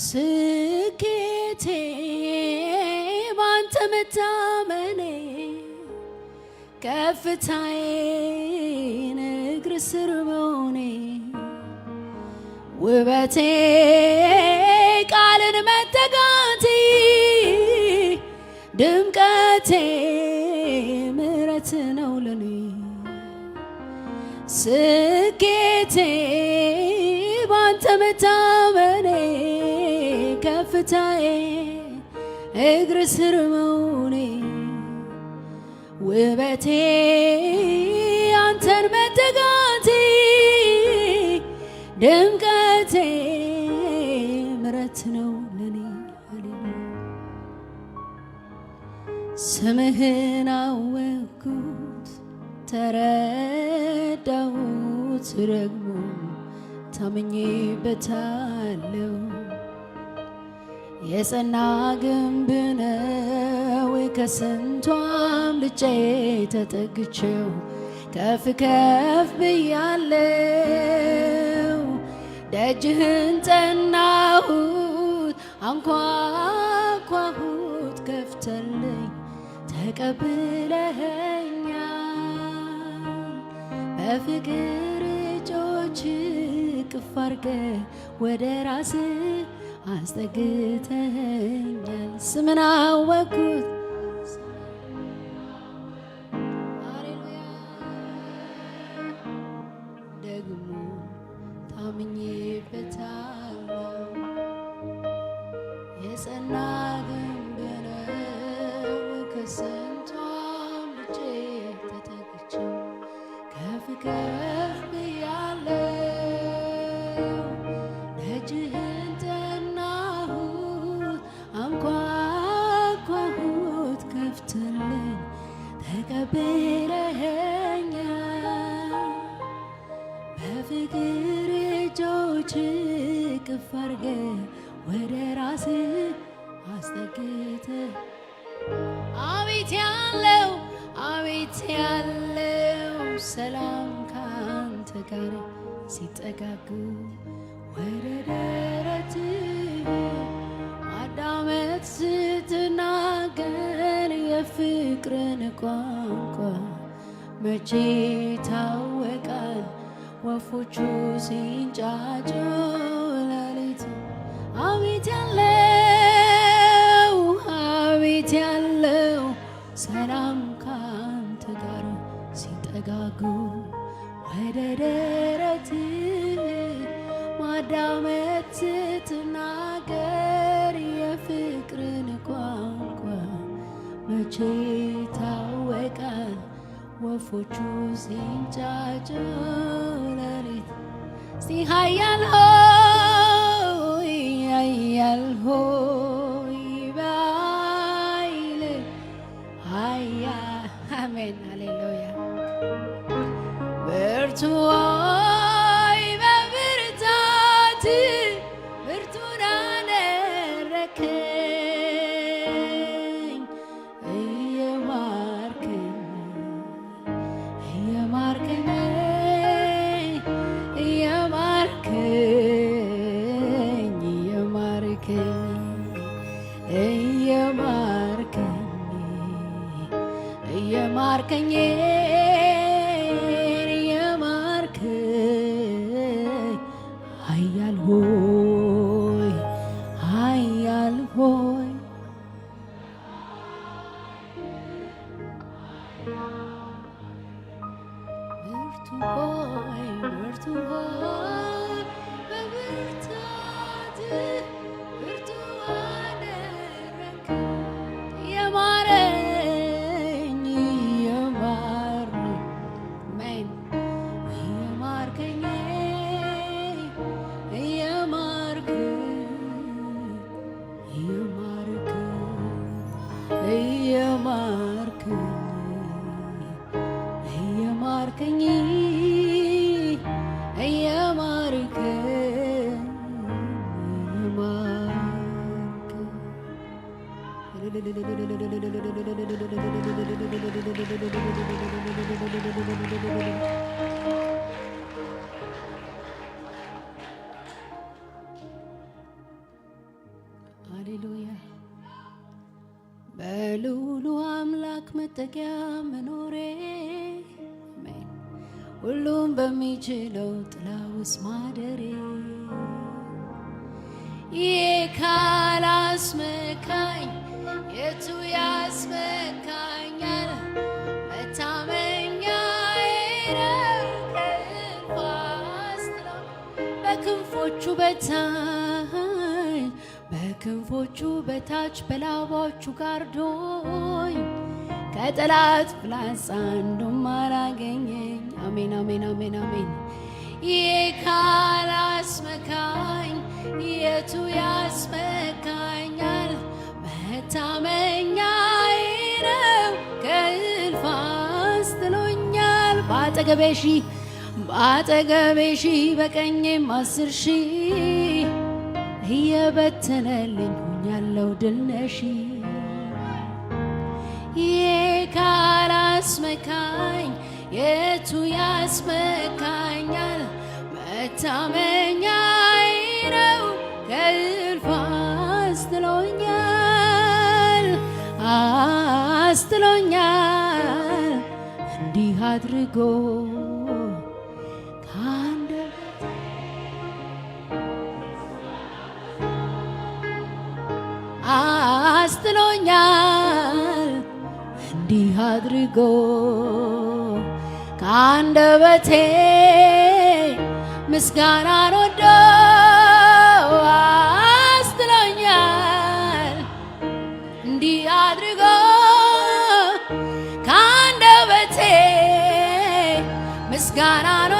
ስኬቴ ባንተ መታመኔ ከፍታዬን እግር ስር በሆኔ ውበቴ ቃልን መተጋቴ ድምቀቴ ምረት ነው ለኔ ስኬቴ ባንተ መታመኔ ከፍታዬ እግር ስር መሆኔ ውበቴ አንተን መጠጋቴ ድምቀቴ ምረት ነው ለኔ ስምህን አወኩት ተረዳሁት ደግሞ ታምኜበታለው የጸና ግንብ ነው ከስንቱ አምልጬ ተጠግቼው ከፍ ከፍ ብያለው ደጅህን ጠናሁት አንኳኳሁት ከፍተልኝ ተቀብለኸኛል በፍቅር እጆች ቅፍ አድርገህ ወደ ራስህ አስጠግተኛል ስምን አወኩት ክንፎቹ ሲንጫጩ ለሊት ሲሃያለው here መጠጊያ መኖሬ ሁሉም በሚችለው ጥላ ውስጥ ማደሬ ይሄ ካላስመካኝ የቱ ያስመካኛል? መታመኛ በክንፎቹ በታች በክንፎቹ በታች በላባዎቹ ጋርዶኝ ከጠላት ፍላጻ አንዱም አላገኘኝ። አሜን አሜን አሜን አሜን። ይህ ካላስመካኝ የቱ ያስመካኛል? መታመኛዬ ነው ከእልፍ አስጥሎኛል። በአጠገቤ በአጠገቤ በቀኜም አስር እየበተነልኝ መካር አስመካኝ የቱ ያስመካኛል? መታመኛዬ ነው ከእልፍ አስጥሎኛል አስጥሎኛል እንዲህ አድርጎ አስጥሎኛል እንዲህ አድርጎ ከአንደበቴ ምስጋናን ወዶ አስትሎኛል። እንዲህ አድርጎ ከአንደበቴ ምስጋናን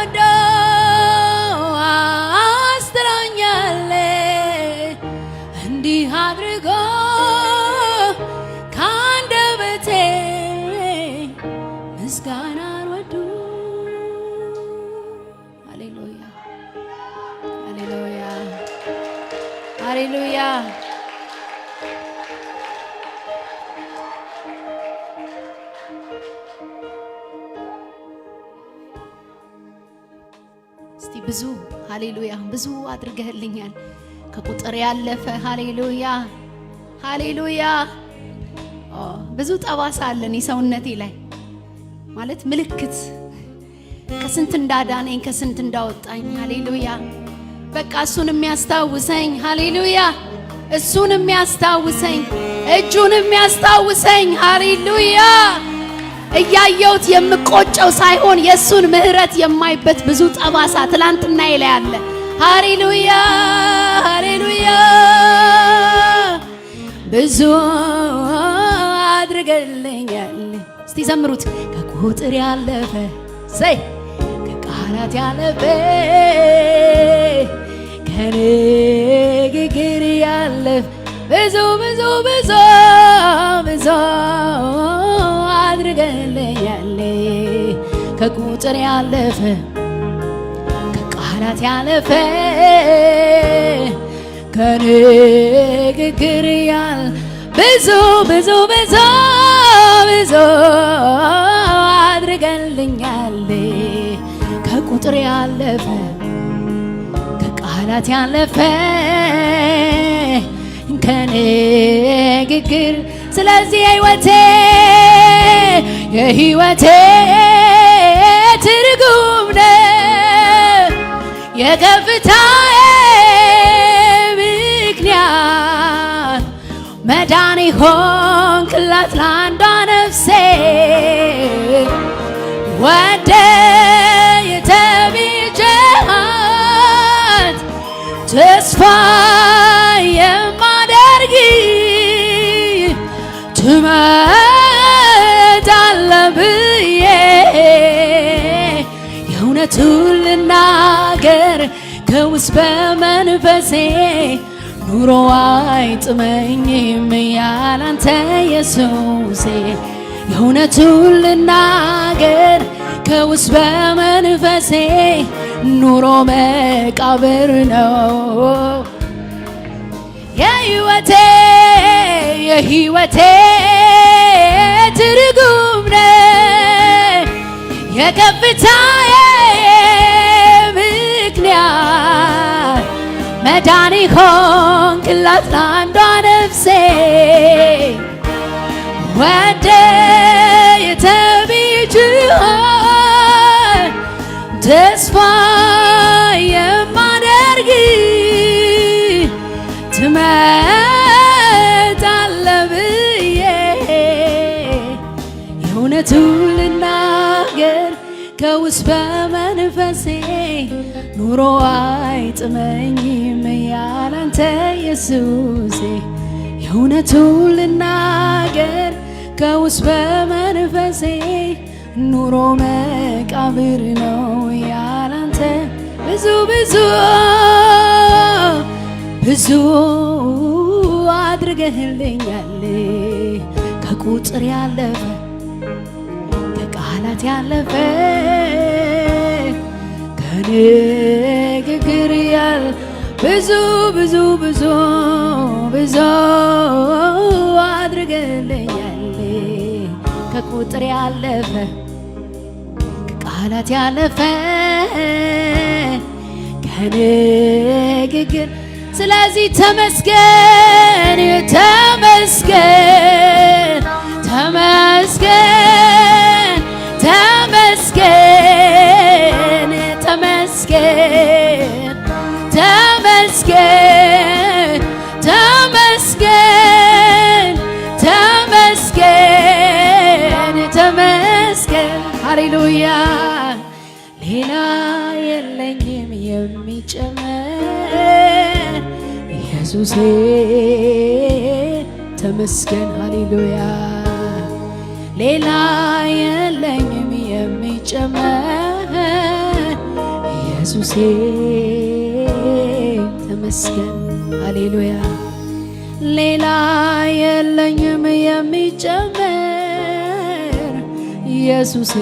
ሃሌሉያ ብዙ አድርገህልኛል፣ ከቁጥር ያለፈ ሃሌሉያ ሃሌሉያ። ብዙ ጠባሳ አለን የሰውነቴ ላይ ማለት ምልክት ከስንት እንዳዳነኝ ከስንት እንዳወጣኝ ሃሌሉያ። በቃ እሱን የሚያስታውሰኝ ሃሌሉያ፣ እሱን የሚያስታውሰኝ እጁን የሚያስታውሰኝ ሃሌሉያ እያየሁት የምቆጨው ሳይሆን የእሱን ምሕረት የማይበት ብዙ ጠባሳ ትላንትና ላይ አለ። ሃሌሉያ ሃሌሉያ። ብዙ አድርገልኛል። እስቲ ዘምሩት። ከቁጥር ያለፈ ዘይ ከቃላት ያለፈ ከንግግር ያለፈ ብዙ ብዙ ብዙ ብዙ አድርገልኛል ከቁጥር ያለፈ ከቃላት ያለፈ ከንግግር ያል ብዙ ብዙ ብዙ ብዙ አድርገልኛል ከቁጥር ያለፈ ከቃላት ያለፈ ከንግግር ስለዚህ የህይወቴ የህይወቴ ትርጉም ነው የከፍታዬ ምክንያት መዳን ሆንክላት ለአንዷ ነፍሴ ወደ የተቤዠሃት ተስፋ እውነት አለ ብዬ የእውነቱን ልናገር ከውስጥ በመንፈሴ ኑሮ አይጥመኝም ያላንተ ኢየሱሴ የእውነቱን ልናገር ከውስጥ በመንፈሴ ኑሮ መቃብር ነው የሕይወቴ የህይወቴ ትርጉም ነ የከፍታዬ ምክንያት መዳን ሆንክላት ለአንዷ ነፍሴ ወደ የተቤችሆን ተስፋ የማደርግ ትመ ከውስጥ በመንፈሴ ኑሮ አይጥመኝም ያላንተ ኢየሱሴ የእውነቱን ልናገር ከውስጥ በመንፈሴ ኑሮ መቃብር ነው ያላንተ ብዙ ብዙ ብዙ አድርገህልኛል ከቁጥር ያለፈ ከቃላት ያለፈ ከንግግር ያል ብዙ ብዙ ብዙ ብዙ አድርገልኛል ከቁጥር ያለፈ ከቃላት ያለፈ ከንግግር ስለዚህ ተመስገን ተመስገን ኢየሱሴ ተመስገን ሃሌሉያ ሌላ የለኝም የሚጨመር ኢየሱሴ ተመስገን ሃሌሉያ ሌላ የለኝም የሚጨመር ኢየሱሴ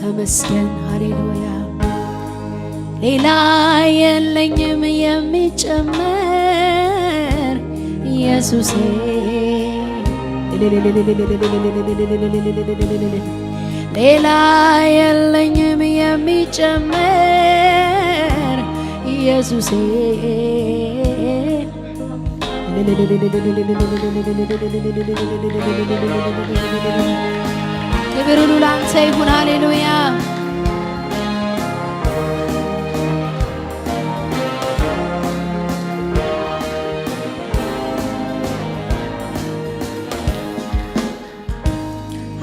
ተመስገን ሃሌሉያ ሌላ የለኝም የሚጨመር ኢየሱሴ ሌላ የለኝም የሚጨመር ኢየሱሴ ክብር ሁሉ ላንተ ይሁን። ሃሌሉያ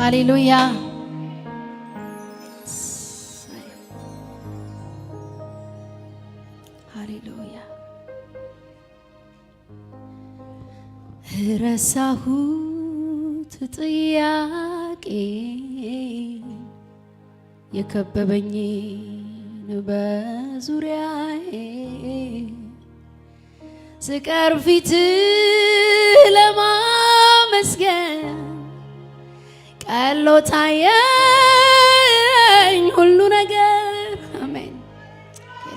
ሃሌሉያ። ረሳሁት ጥያቄ የከበበኝን በዙሪያዬ ስቀር ፊት ለማመስገን ቀሎ ታየኝ ሁሉ ነገር አሜን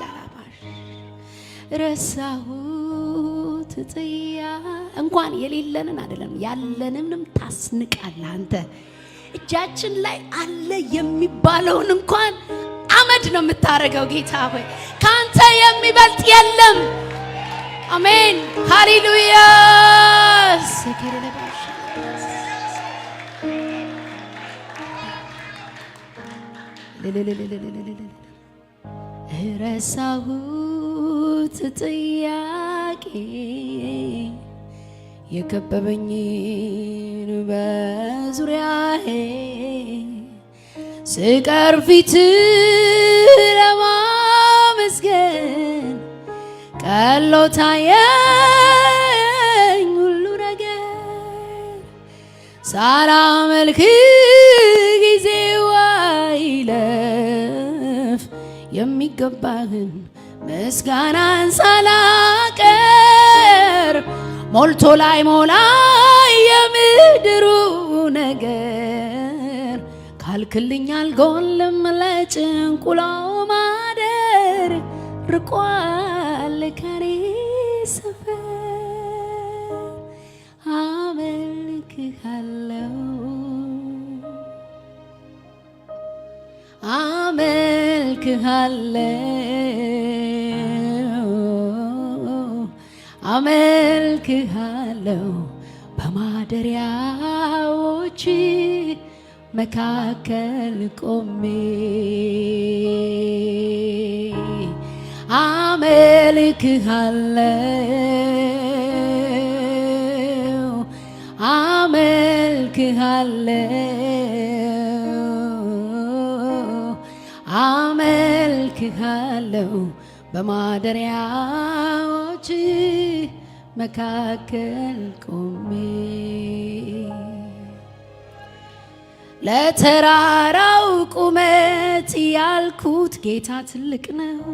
ላላባሽ ረሳሁት ጥያ እንኳን የሌለንን አይደለም ያለንንም ታስንቃለህ አንተ እጃችን ላይ አለ የሚባለውን እንኳን አመድ ነው የምታደርገው። ጌታ ሆይ ከአንተ የሚበልጥ የለም። አሜን ሃሌሉያ ረሳሁት ጥያቄ የከበበኝን በዙሪያዬ ስቀር ፊት ለማመስገን ቀሎ ታየኝ ሁሉ ነገር ሳላመልክ የሚገባህን ምስጋናን ሳላቀር ሞልቶ ላይ ሞላ የምድሩ ነገር ካልክልኝ አልጎልም ለጭንቁላው ማደር ርቋል ከኔ ሰፈር አመልክሃለው አመል አመልክሃለው አመልክሃለው በማደሪያዎች መካከል ቆሜ አመልክሃለው አመልክሃለው ባርክሃለው በማደሪያዎች መካከል ቆሜ ለተራራው ቁመት ያልኩት ጌታ ትልቅ ነው፣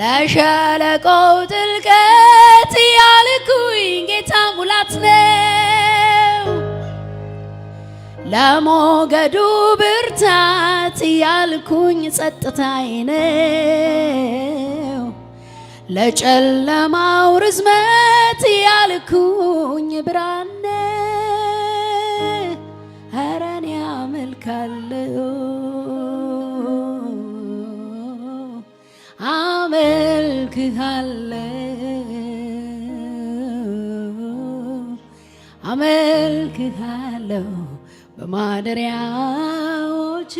ለሸለቆው ጥልቀት ያልኩኝ ጌታ ሙላት ነው ለሞገዱ ያልኩኝ ጸጥታዬ ነው። ለጨለማው ርዝመት ያልኩኝ ብርሃን ኧረ እኔ አመልካለሁ አመልክሃለሁ በማደሪያዎች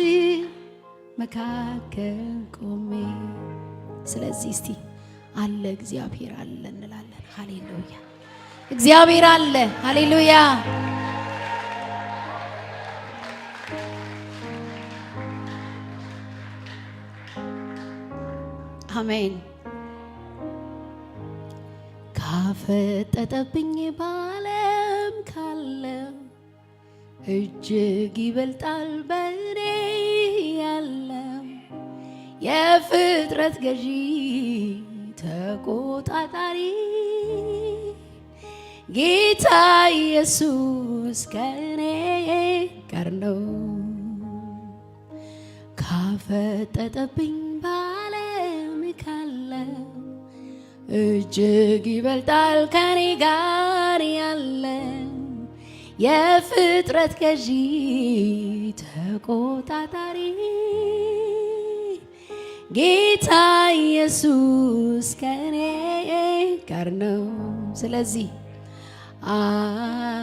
መካከል ቆሜ ስለዚህ እስቲ አለ እግዚአብሔር አለ እንላለን። ሃሌሉያ እግዚአብሔር አለ። ሃሌሉያ አሜን። ካፈጠጠብኝ ባለም ካለ እጅግ ይበልጣል በል የፍጥረት ገዢ ተቆጣጣሪ ጌታ ኢየሱስ ከእኔ ጋር ነው። ካፈጠጠብኝ ባለም ካለ እጅግ ይበልጣል ከኔ ጋር ያለ የፍጥረት ገዢ ተቆጣጣሪ ጌታ ኢየሱስ ከእኔ ጋር ነው። ስለዚህ አለ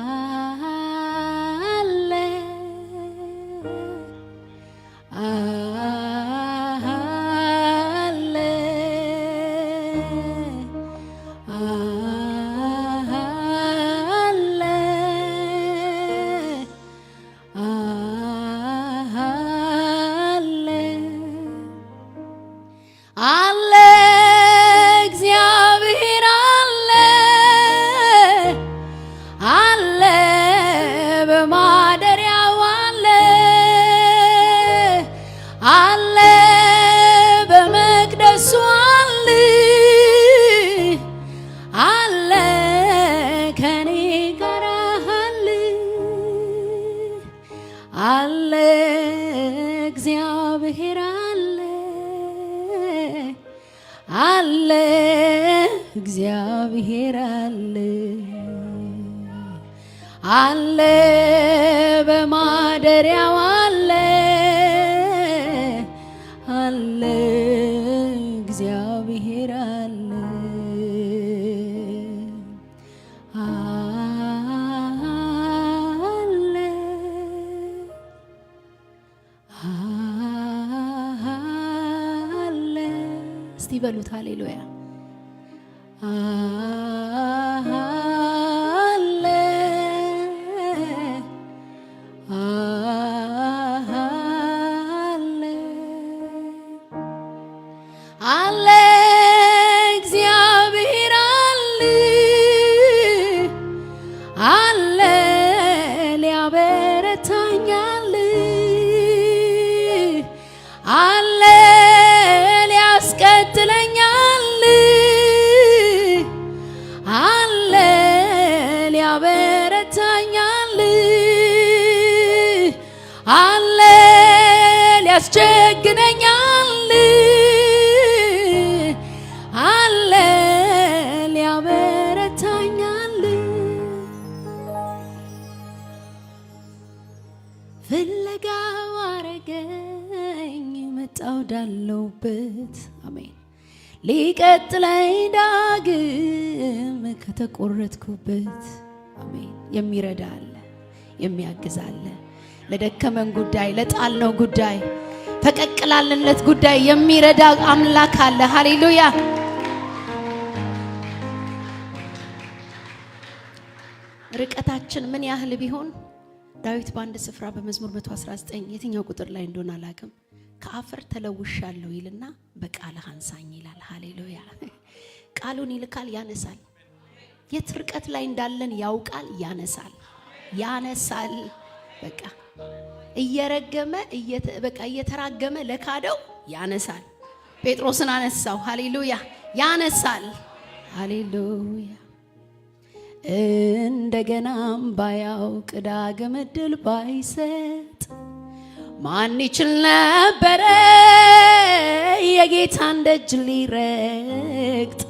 रे आवाज ያስቸግረኛል አለ ሊያበረታኛል ፍለጋ ዋረገኝ መጣው ዳለውበት አሜን ሊቀጥለኝ ዳግም ከተቆረጥኩበት አሜን የሚረዳ አለ የሚያግዝ አለ ለደከመን ጉዳይ፣ ለጣልነው ጉዳይ፣ ፈቀቅ ጉዳይ የሚረዳ አምላክ አለ። ሃሌሉያ። ርቀታችን ምን ያህል ቢሆን ዳዊት በአንድ ስፍራ በመዝሙር 119 የትኛው ቁጥር ላይ እንደሆነ አላውቅም፣ ከአፈር ተለውሻለሁ ይልና በቃልህ አንሳኝ ይላል። ሃሌሉያ። ቃሉን ይልካል፣ ያነሳል። የት ርቀት ላይ እንዳለን ያውቃል፣ ያነሳል፣ ያነሳል። በቃ እየረገመ በቃ እየተራገመ ለካደው ያነሳል። ጴጥሮስን አነሳው። ሃሌሉያ ያነሳል። ሃሌሉያ እንደገናም ባያውቅ ዳግም እድል ባይሰጥ ማን ይችል ነበረ የጌታን ደጅ ሊረግጥ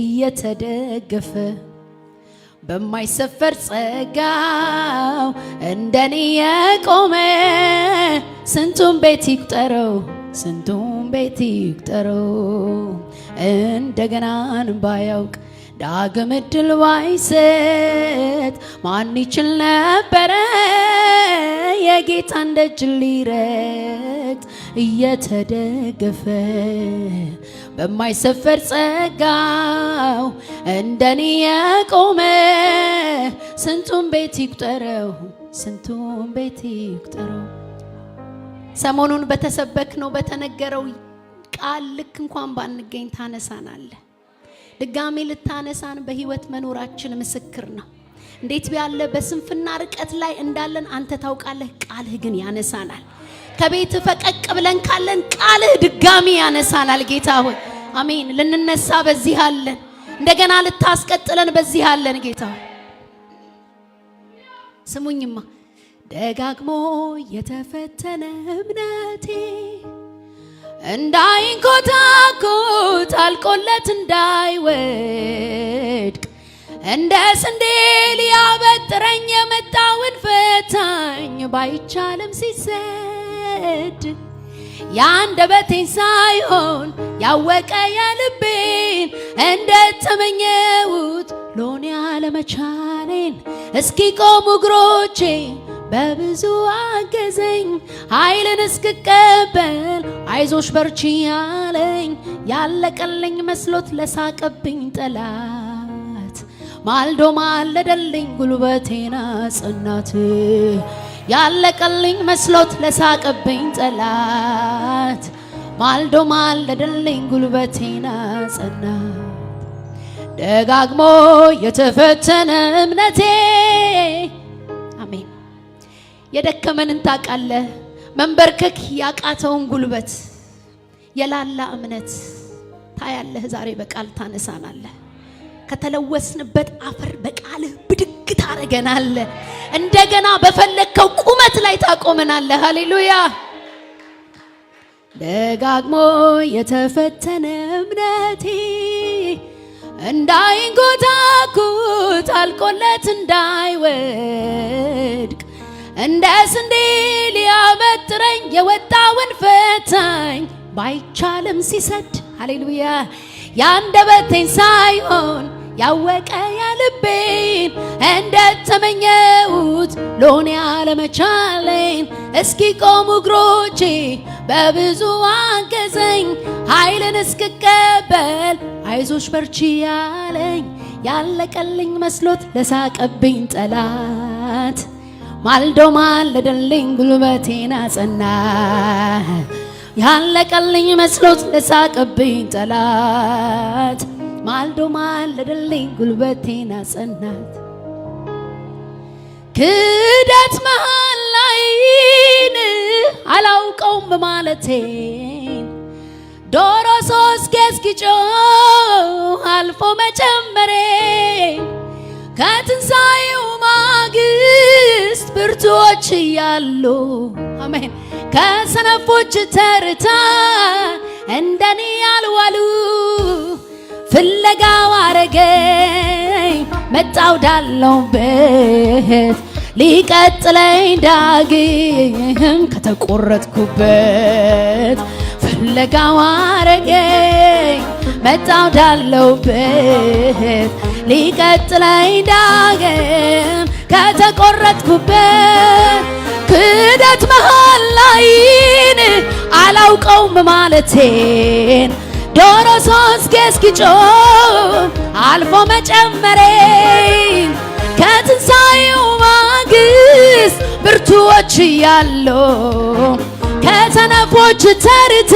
እየተደገፈ በማይሰፈር ጸጋው እንደኔ የቆመ ስንቱን ቤት ይቁጠረው ስንቱን ቤት ይቁጠረው እንደገና ባያውቅ ዳግም እድል ባይሰጥ ማን ይችል ነበረ የጌታን ደጅ ሊረግጥ እየተደገፈ በማይሰፈር ጸጋው እንደኔ የቆመ ስንቱን ቤት ይቁጠረው፣ ስንቱን ቤት ይቁጠረው። ሰሞኑን በተሰበክነው በተነገረው ቃል ልክ እንኳን ባንገኝ ታነሳናለህ። ድጋሜ ልታነሳን በህይወት መኖራችን ምስክር ነው። እንዴት ያለ በስንፍና ርቀት ላይ እንዳለን አንተ ታውቃለህ። ቃልህ ግን ያነሳናል። ከቤት ፈቀቅ ብለን ካለን ቃልህ ድጋሚ ያነሳናል። ጌታ ሆይ አሜን። ልንነሳ በዚህ አለን። እንደገና ልታስቀጥለን በዚህ አለን። ጌታ ሆይ ስሙኝማ ደጋግሞ የተፈተነ እምነቴ እንዳይንኮታኮት አልቆለት እንዳይወድቅ እንደ ስንዴ ሊያበጥረኝ የመጣውን ፈታኝ ባይቻለም ሲሰድ የአንደበቴን ሳይሆን ያወቀ የልቤን እንደተመኘሁት ሎን አለመቻሌን እስኪ ቆሙ እግሮቼ በብዙ አገዘኝ ኃይልን እስክቀበል አይዞሽ በርቺ ያለኝ ያለቀልኝ መስሎት ለሳቀብኝ ጠላት ማልዶ ማለደልኝ ጉልበቴና ጽናት ያለቀልኝ መስሎት ለሳቀብኝ ጠላት ማልዶ ማለደልኝ ጉልበቴና ጽናት ደጋግሞ የተፈተነ እምነቴ የደከመንን ታቃለ መንበርከክ ያቃተውን ጉልበት የላላ እምነት ታያለህ። ዛሬ በቃል ታነሳናለህ። ከተለወስንበት አፈር በቃልህ ብድግ ታረገናለ። እንደገና በፈለግከው ቁመት ላይ ታቆመናለህ። ሃሌሉያ። ደጋግሞ የተፈተነ እምነቴ እንዳይንጎታኩት አልቆለት እንዳይወድ እንደ ስንዴ ሊያበጥረኝ የወጣውን ፈታኝ ባይቻልም ሲሰድ ሃሌሉያ ያንደበቴን ሳይሆን ያወቀ ያልቤን እንደተመኘሁት ሎኔ አለመቻሌን እስኪ ቆሙ እግሮቼ በብዙ አገዘኝ ኃይልን እስክቀበል አይዞሽ በርቺ ያለኝ ያለቀልኝ መስሎት ለሳቀብኝ ጠላት ማልዶ ማለደልኝ ጉልበቴን አጸና ያለቀልኝ መስሎት ለሳቅብኝ ጠላት ማልዶ ማለደልኝ ጉልበቴን አጸናት ክደት መሃል ላይን አላውቀውም ማለቴን ዶሮ ሶስት ጌዝጊጮ አልፎ መጨመሬ ከትንሣኤው ማግስት ብርቶች እያሉ አሜን ከሰነፎች ተርታ እንደኔ ያልዋሉ ፍለጋው አረገኝ መጣው ዳለውበት ሊቀጥለኝ ዳግም ከተቆረጥኩበት ፍለጋው አረገኝ መጣው ዳለውበት ሊቀጥለኝ ዳግም ከተቆረጥኩበት ክደት ላይን አላውቀውም ማለቴን ዶሮ ሶስት ገስኪጮ አልፎ መጨመሬን ከትንሣኤው ማግስት ብርቱዎች እያለው ከሰነፎች ተርታ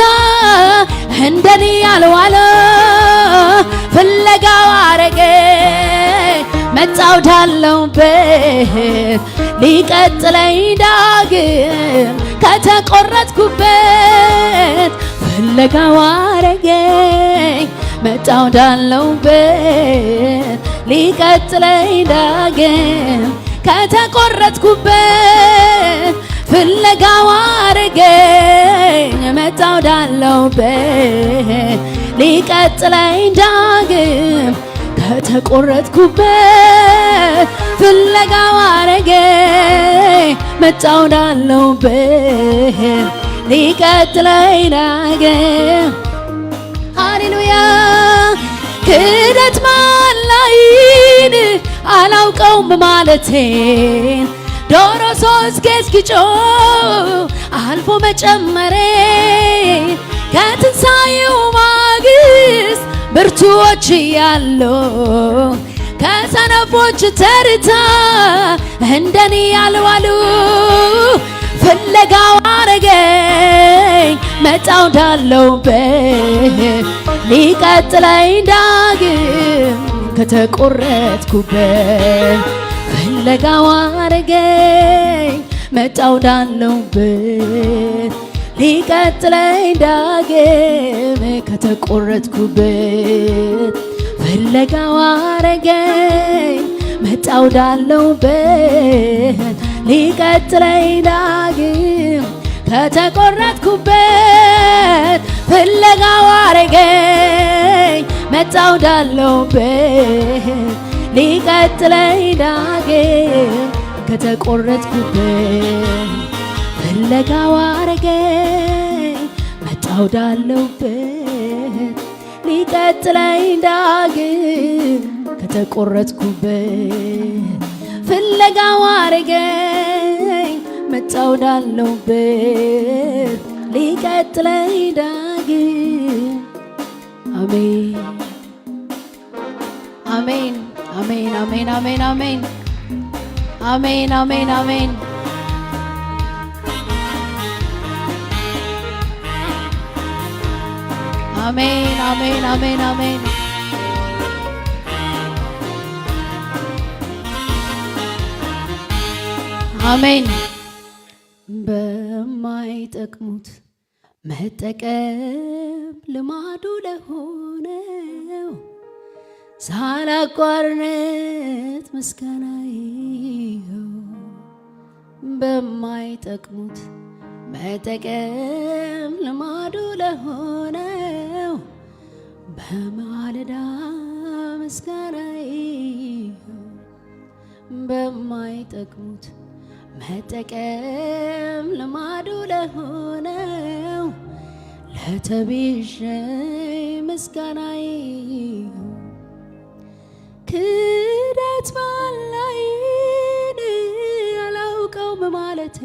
እንደኔ ያልዋለ ፍለጋው አረገ መጣው ዳለውበት ሊቀጥለኝ ዳግም ከተቆረጥኩበት ፍለጋው አረገኝ መጣው ዳለውበት ሊቀጥለኝ ዳግም ከተቆረጥኩበት ፍለጋው አረገኝ መጣው ዳለውበት ሊቀጥለኝ ዳግም ከተቆረጥኩበት ፍለጋው አረገኝ መጣው ዳለውበት ሊቀጥለኝ ዳግም ሃሌሉያ ክደት ማላይን አላውቀውም ማለቴን ዶሮ ሶስት ገዝግጮ አልፎ መጨመሬ ከትንሣኤው ማግስት ብርቱዎች እያለው ከሰነፎች ተርታ እንደኔ ያልዋሉ ፍለጋው አረገኝ መጣው እንዳለውበት ሊቀጥለኝ ዳግም ከተቆረጥኩበት ፍለጋው አረገኝ መጣው ዳለውበት ሊቀጥለኝ ዳግም ከተቆረጥኩበት ፍለጋው አረገኝ መጣው ዳለውበት ሊቀጥለኝ ዳግም ከተቆረጥኩበት ፍለጋው አረገኝ መጣው ዳለውበት ሊቀጥለኝ ዳግም ከተቆረጥኩበት ፍለጋ ዋረገኝ መጣው ዳለውበት ሊቀጥለኝ ዳግም ከተቆረጥኩበት ፍለጋ ዋረገኝ መጣው ዳለውበት ሊቀጥለኝ ዳግም አሜን አሜን አሜን፣ አሜን፣ አሜን፣ አሜን፣ አሜን፣ አሜን፣ አሜን። አሜን፣ አሜን፣ አሜን፣ አሜን። አሜን። በማይጠቅሙት መጠቀም ልማዱ ለሆነው ሳላቋርነት ምስጋና ይኸው በማይጠቅሙት መጠቀም ልማዱ ለሆነው በማለዳ ምስጋና ይኸው በማይጠቅሙት መጠቀም ልማዱ ለሆነው ለተቤዠ ምስጋና ይኸው ክደት ባላይን አላውቀውም ማለቴ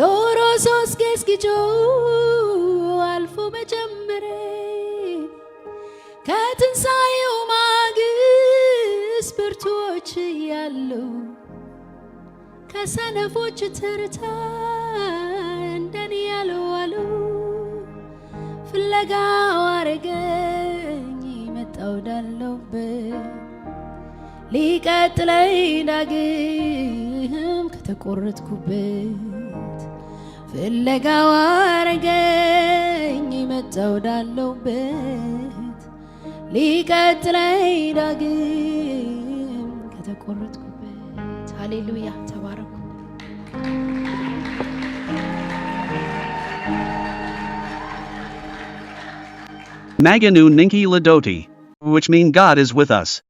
ዶሮ ሶስት ጌስ አልፎ መጀመሬ ከትንሣኤው ማግስ ብርቱዎች እያለው ከሰነፎች ተርታ እንደኔ ያለው ፍለጋ ፍለጋው ወዳለውበት ሊቀጥለይ ዳግም ከተቆረጥኩበት ፍለጋው አረገኝ መጣው ወዳለውበት ሊቀጥለይ ዳግም ከተቆረጥኩበት ሃሌሉያ ተባረኩ። Maganu Ninki Ladoti which mean God is with us.